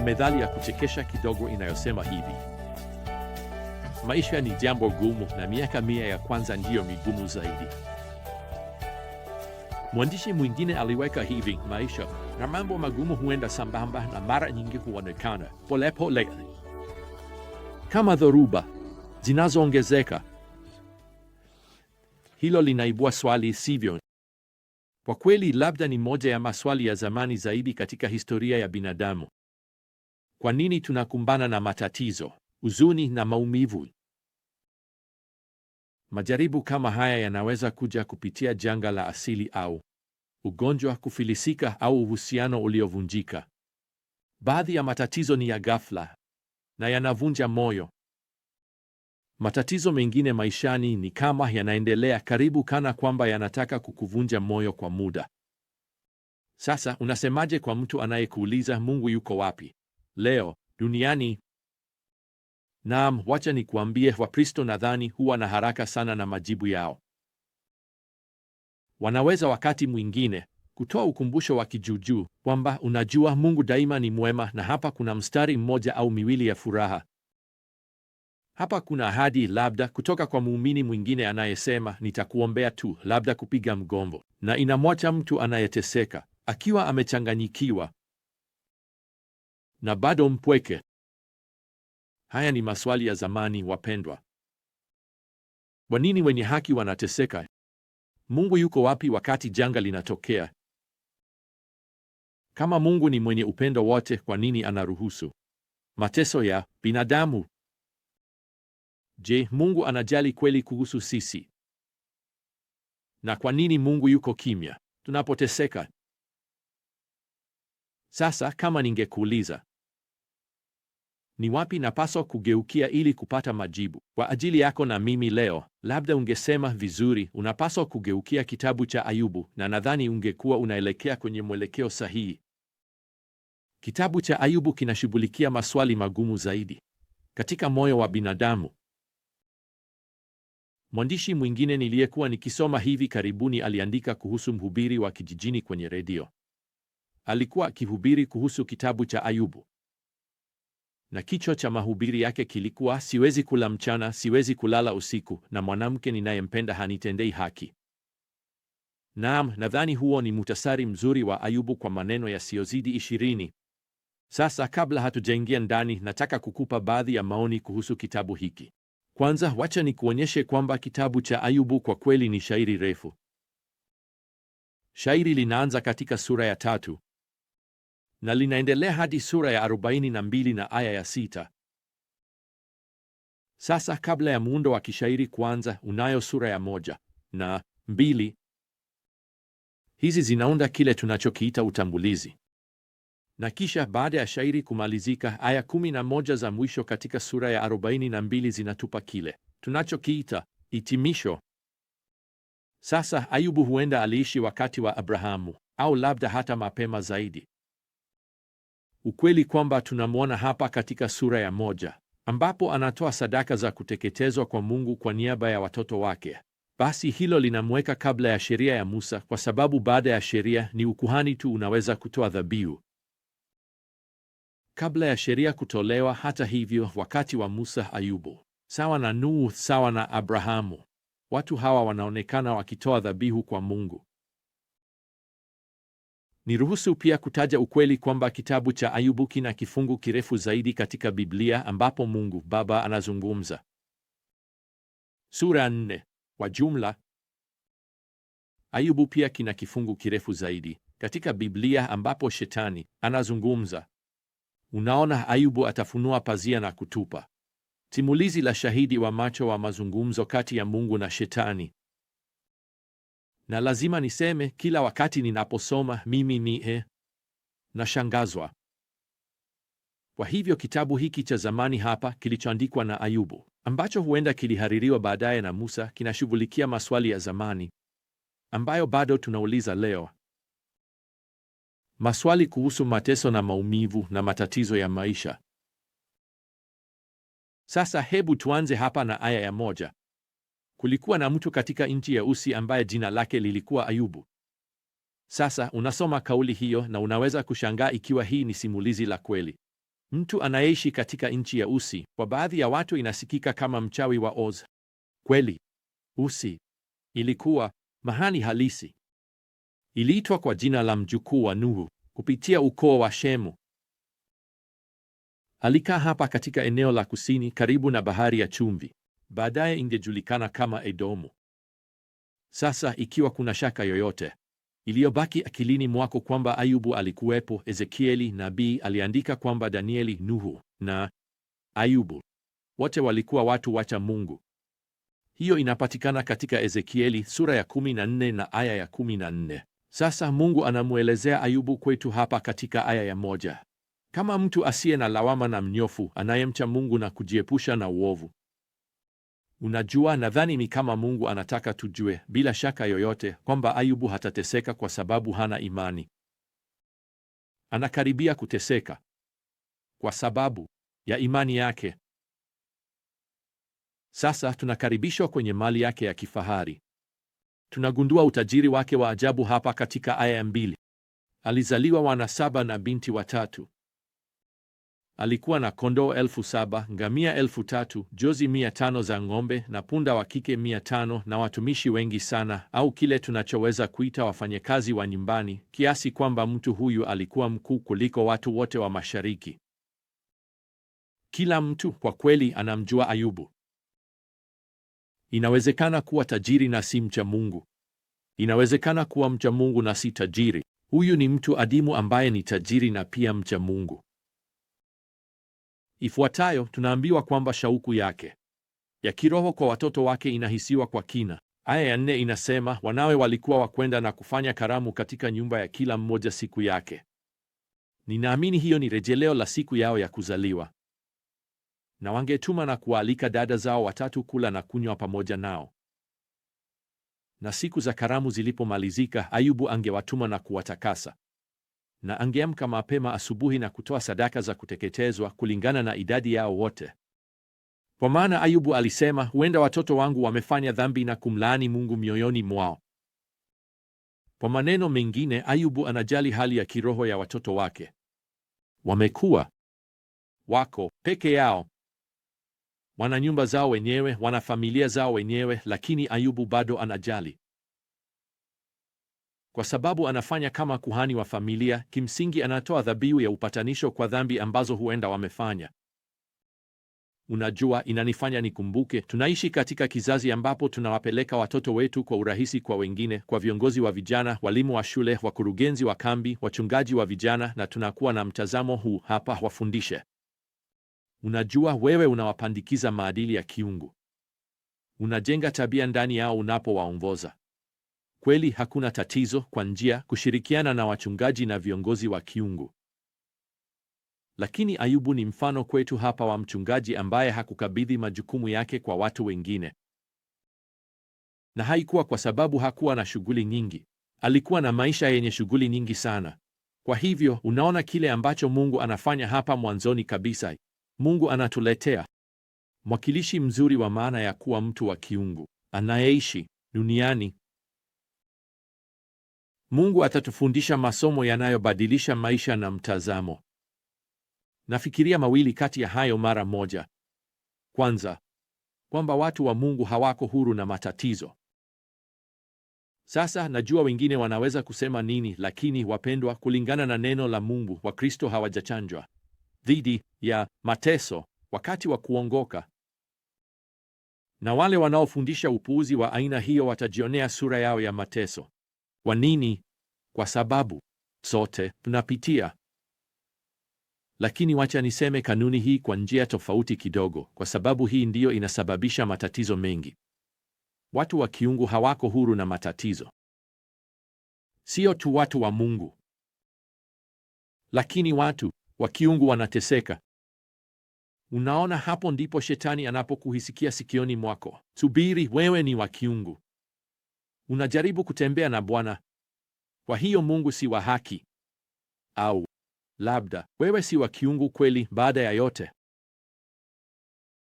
na methali ya kuchekesha kidogo inayosema hivi: maisha ni jambo gumu na miaka mia ya kwanza ndiyo migumu zaidi. Mwandishi mwingine aliweka hivi: maisha na mambo magumu huenda sambamba na mara nyingi huonekana polepole kama dhoruba zinazoongezeka. Hilo linaibua swali, sivyo? Kwa kweli, labda ni moja ya maswali ya zamani zaidi katika historia ya binadamu. Kwa nini tunakumbana na matatizo, huzuni na maumivu? Majaribu kama haya yanaweza kuja kupitia janga la asili au ugonjwa, kufilisika au uhusiano uliovunjika. Baadhi ya matatizo ni ya ghafla na yanavunja moyo. Matatizo mengine maishani ni kama yanaendelea karibu kana kwamba yanataka kukuvunja moyo kwa muda. Sasa unasemaje kwa mtu anayekuuliza Mungu yuko wapi? leo duniani. Naam, wacha nikuambie, Wakristo nadhani huwa na haraka sana na majibu yao. Wanaweza wakati mwingine kutoa ukumbusho wa kijuujuu kwamba unajua, Mungu daima ni mwema, na hapa kuna mstari mmoja au miwili ya furaha. Hapa kuna ahadi, labda kutoka kwa muumini mwingine anayesema, nitakuombea tu, labda kupiga mgombo, na inamwacha mtu anayeteseka akiwa amechanganyikiwa na bado mpweke? Haya ni maswali ya zamani, wapendwa. Kwa nini wenye haki wanateseka? Mungu yuko wapi wakati janga linatokea? Kama Mungu ni mwenye upendo wote, kwa nini anaruhusu mateso ya binadamu? Je, Mungu anajali kweli kuhusu sisi? Na kwa nini Mungu yuko kimya tunapoteseka? Sasa kama ningekuuliza ni wapi napaswa kugeukia ili kupata majibu kwa ajili yako na mimi leo? Labda ungesema vizuri, unapaswa kugeukia kitabu cha Ayubu, na nadhani ungekuwa unaelekea kwenye mwelekeo sahihi. Kitabu cha Ayubu kinashughulikia maswali magumu zaidi katika moyo wa binadamu. Mwandishi mwingine niliyekuwa nikisoma hivi karibuni aliandika kuhusu mhubiri wa kijijini kwenye redio. Alikuwa akihubiri kuhusu kitabu cha Ayubu na kichwa cha mahubiri yake kilikuwa siwezi kula mchana, siwezi kulala usiku, na mwanamke ninayempenda hanitendei haki. Naam, nadhani huo ni mutasari mzuri wa Ayubu kwa maneno yasiyozidi ishirini. Sasa, kabla hatujaingia ndani, nataka kukupa baadhi ya maoni kuhusu kitabu hiki. Kwanza, wacha nikuonyeshe kwamba kitabu cha Ayubu kwa kweli ni shairi refu. Shairi linaanza katika sura ya tatu na linaendelea hadi sura ya 42 na aya ya sita. Sasa kabla ya muundo wa kishairi kwanza unayo sura ya moja na mbili. Hizi zinaunda kile tunachokiita utambulizi, na kisha baada ya shairi kumalizika, aya kumi na moja za mwisho katika sura ya 42 zinatupa kile tunachokiita itimisho Sasa Ayubu huenda aliishi wakati wa Abrahamu au labda hata mapema zaidi ukweli kwamba tunamwona hapa katika sura ya moja ambapo anatoa sadaka za kuteketezwa kwa Mungu kwa niaba ya watoto wake. Basi hilo linamweka kabla ya sheria ya Musa, kwa sababu baada ya sheria ni ukuhani tu unaweza kutoa dhabihu kabla ya sheria kutolewa. Hata hivyo, wakati wa Musa, Ayubu sawa na Nuhu sawa na Abrahamu, watu hawa wanaonekana wakitoa dhabihu kwa Mungu Niruhusu pia kutaja ukweli kwamba kitabu cha Ayubu kina kifungu kirefu zaidi katika Biblia ambapo Mungu Baba anazungumza. Sura nne kwa jumla. Ayubu pia kina kifungu kirefu zaidi katika Biblia ambapo Shetani anazungumza. Unaona, Ayubu atafunua pazia na kutupa simulizi la shahidi wa macho wa mazungumzo kati ya Mungu na Shetani na lazima niseme, kila wakati ninaposoma mimi ni e, nashangazwa. Kwa hivyo kitabu hiki cha zamani hapa kilichoandikwa na Ayubu ambacho huenda kilihaririwa baadaye na Musa kinashughulikia maswali ya zamani ambayo bado tunauliza leo, maswali kuhusu mateso na maumivu na matatizo ya maisha. Sasa hebu tuanze hapa na aya ya moja. Kulikuwa na mtu katika nchi ya Usi ambaye jina lake lilikuwa Ayubu. Sasa unasoma kauli hiyo na unaweza kushangaa ikiwa hii ni simulizi la kweli. Mtu anayeishi katika nchi ya Usi, kwa baadhi ya watu inasikika kama mchawi wa Oz. Kweli, Usi ilikuwa mahani halisi. Iliitwa kwa jina la mjukuu wa Nuhu kupitia ukoo wa Shemu. Alikaa hapa katika eneo la kusini karibu na bahari ya chumvi baadaye ingejulikana kama Edomu. Sasa ikiwa kuna shaka yoyote iliyobaki akilini mwako kwamba Ayubu alikuwepo, Ezekieli nabii aliandika kwamba Danieli, Nuhu na Ayubu wote walikuwa watu wacha Mungu. Hiyo inapatikana katika Ezekieli sura ya 14 na aya ya 14. Sasa Mungu anamwelezea Ayubu kwetu hapa katika aya ya moja kama mtu asiye na lawama na mnyofu anayemcha Mungu na kujiepusha na uovu. Unajua, nadhani ni kama Mungu anataka tujue bila shaka yoyote kwamba Ayubu hatateseka kwa sababu hana imani. Anakaribia kuteseka kwa sababu ya imani yake. Sasa tunakaribishwa kwenye mali yake ya kifahari. Tunagundua utajiri wake wa ajabu hapa katika aya ya mbili. Alizaliwa wana saba na binti watatu alikuwa na kondoo elfu saba, ngamia elfu tatu, jozi mia tano za ng'ombe na punda wa kike mia tano na watumishi wengi sana, au kile tunachoweza kuita wafanyakazi wa nyumbani, kiasi kwamba mtu huyu alikuwa mkuu kuliko watu wote wa Mashariki. Kila mtu kwa kweli anamjua Ayubu. Inawezekana kuwa tajiri na si mcha Mungu. Inawezekana kuwa mcha Mungu na si tajiri. Huyu ni mtu adimu ambaye ni tajiri na pia mcha Mungu ifuatayo tunaambiwa kwamba shauku yake ya kiroho kwa watoto wake inahisiwa kwa kina. Aya ya nne inasema, wanawe walikuwa wakwenda na kufanya karamu katika nyumba ya kila mmoja siku yake. Ninaamini hiyo ni rejeleo la siku yao ya kuzaliwa, na wangetuma na kuwaalika dada zao watatu kula na kunywa pamoja nao. Na siku za karamu zilipomalizika, Ayubu angewatuma na kuwatakasa na angeamka mapema asubuhi na kutoa sadaka za kuteketezwa kulingana na idadi yao wote. Kwa maana Ayubu alisema, huenda watoto wangu wamefanya dhambi na kumlaani Mungu mioyoni mwao. Kwa maneno mengine, Ayubu anajali hali ya kiroho ya watoto wake. Wamekuwa wako peke yao, wana nyumba zao wenyewe, wana familia zao wenyewe, lakini Ayubu bado anajali. Kwa sababu anafanya kama kuhani wa familia, kimsingi anatoa dhabihu ya upatanisho kwa dhambi ambazo huenda wamefanya. Unajua, inanifanya nikumbuke, tunaishi katika kizazi ambapo tunawapeleka watoto wetu kwa urahisi kwa wengine, kwa viongozi wa vijana, walimu wa shule, wakurugenzi wa kambi, wachungaji wa vijana, na tunakuwa na mtazamo huu hapa, wafundishe. Unajua, wewe unawapandikiza maadili ya kiungu, unajenga tabia ndani yao unapowaongoza. Kweli hakuna tatizo kwa njia kushirikiana na wachungaji na viongozi wa kiungu. Lakini Ayubu ni mfano kwetu hapa wa mchungaji ambaye hakukabidhi majukumu yake kwa watu wengine. Na haikuwa kwa sababu hakuwa na shughuli nyingi. Alikuwa na maisha yenye shughuli nyingi sana. Kwa hivyo unaona kile ambacho Mungu anafanya hapa mwanzoni kabisa. Mungu anatuletea mwakilishi mzuri wa maana ya kuwa mtu wa kiungu anayeishi duniani Mungu atatufundisha masomo yanayobadilisha maisha na mtazamo. Nafikiria mawili kati ya hayo mara moja. Kwanza, kwamba watu wa Mungu hawako huru na matatizo. Sasa najua wengine wanaweza kusema nini, lakini wapendwa, kulingana na neno la Mungu, Wakristo hawajachanjwa dhidi ya mateso wakati wa kuongoka, na wale wanaofundisha upuuzi wa aina hiyo watajionea sura yao ya mateso. Kwa nini? Kwa sababu sote tunapitia. Lakini wacha niseme kanuni hii kwa njia tofauti kidogo, kwa sababu hii ndiyo inasababisha matatizo mengi. Watu wa kiungu hawako huru na matatizo, sio tu watu wa Mungu, lakini watu wa kiungu wanateseka. Unaona, hapo ndipo shetani anapokuhisikia sikioni mwako, subiri, wewe ni wa kiungu. Unajaribu kutembea na Bwana. Kwa hiyo Mungu si wa haki, au labda wewe si wa kiungu kweli. Baada ya yote,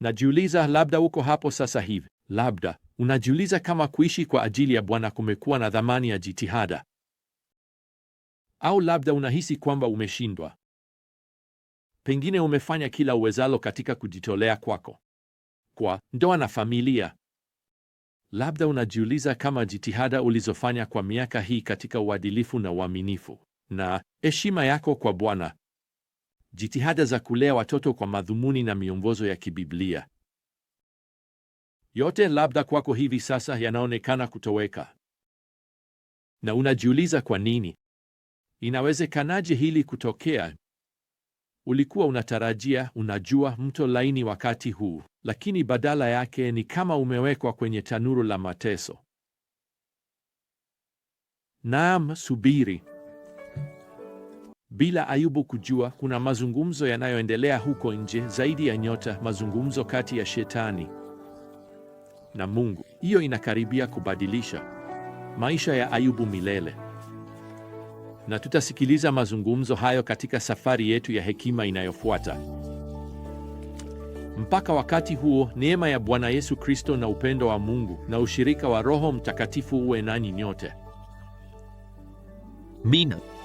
najiuliza, labda uko hapo sasa hivi, labda unajiuliza kama kuishi kwa ajili ya Bwana kumekuwa na dhamani ya jitihada, au labda unahisi kwamba umeshindwa. Pengine umefanya kila uwezalo katika kujitolea kwako kwa ndoa na familia, Labda unajiuliza kama jitihada ulizofanya kwa miaka hii katika uadilifu na uaminifu na heshima yako kwa Bwana, jitihada za kulea watoto kwa madhumuni na miongozo ya kibiblia, yote labda kwako hivi sasa yanaonekana kutoweka, na unajiuliza kwa nini. Inawezekanaje hili kutokea? Ulikuwa unatarajia, unajua, mto laini wakati huu, lakini badala yake ni kama umewekwa kwenye tanuru la mateso. Naam, subiri. Bila Ayubu kujua, kuna mazungumzo yanayoendelea huko nje zaidi ya nyota, mazungumzo kati ya Shetani na Mungu. Hiyo inakaribia kubadilisha maisha ya Ayubu milele na tutasikiliza mazungumzo hayo katika safari yetu ya hekima inayofuata. Mpaka wakati huo, neema ya Bwana Yesu Kristo na upendo wa Mungu na ushirika wa Roho Mtakatifu uwe nanyi nyote. Mina.